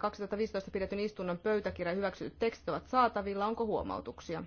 2015 pidetyn istunnon pöytäkirja hyväksytyt tekstit ovat saatavilla. Onko huomautuksia?